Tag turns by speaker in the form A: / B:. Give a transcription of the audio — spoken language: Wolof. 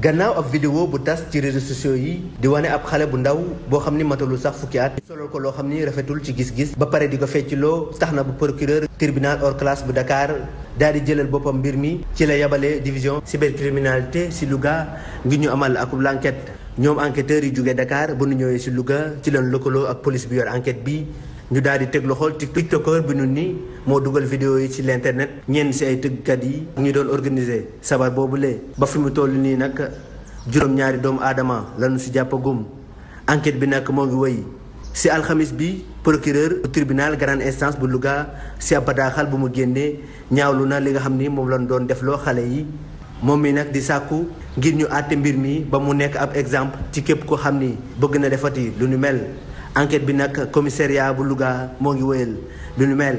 A: gannaaw ab vidéo bu tas ci réseaux sociaux yi di wane ab xale bu ndaw boo xam ni matalul sax fukki at solol ko loo xam ni rafetul ci gis-gis ba pare di ko fecciloo tax na bu procureur tribunal hors classe bu Dakar dal di jëlal boppam mbir mi ci la yabale division cybercriminalité si Louga ngi ñu amal akub l'enquête ñoom enquêteurs yi jóge Dakar bu nu ñëwee si Louga ci leen lëkkaloo ak police bi yor enquête bi ñu daal di teg loxol ci tiktokeur bi nu nii moo dugal vidéo yi ci linternet internet ñenn si ay tëggkat yi ñu doon organiser sabar boobulee ba fi mu toll nii nag juróom-ñaari doomu aadama lañu si jàppagum enquête bi nag moo ngi woy si alxamis bi procureur bu tribunal grande instance bu Louga si ab bataaxal bu mu génnee ñaawlu na li nga xam ni moom lañu doon def loo xale yi moom mi nag di sàkku ngir ñu àtte mbir mi ba mu nekk ab exemple ci képp ko xam ni bëgg na defati lu ñu mel enquête bi nag commissariat bu Louga moo ngi wéyal lu nu mel.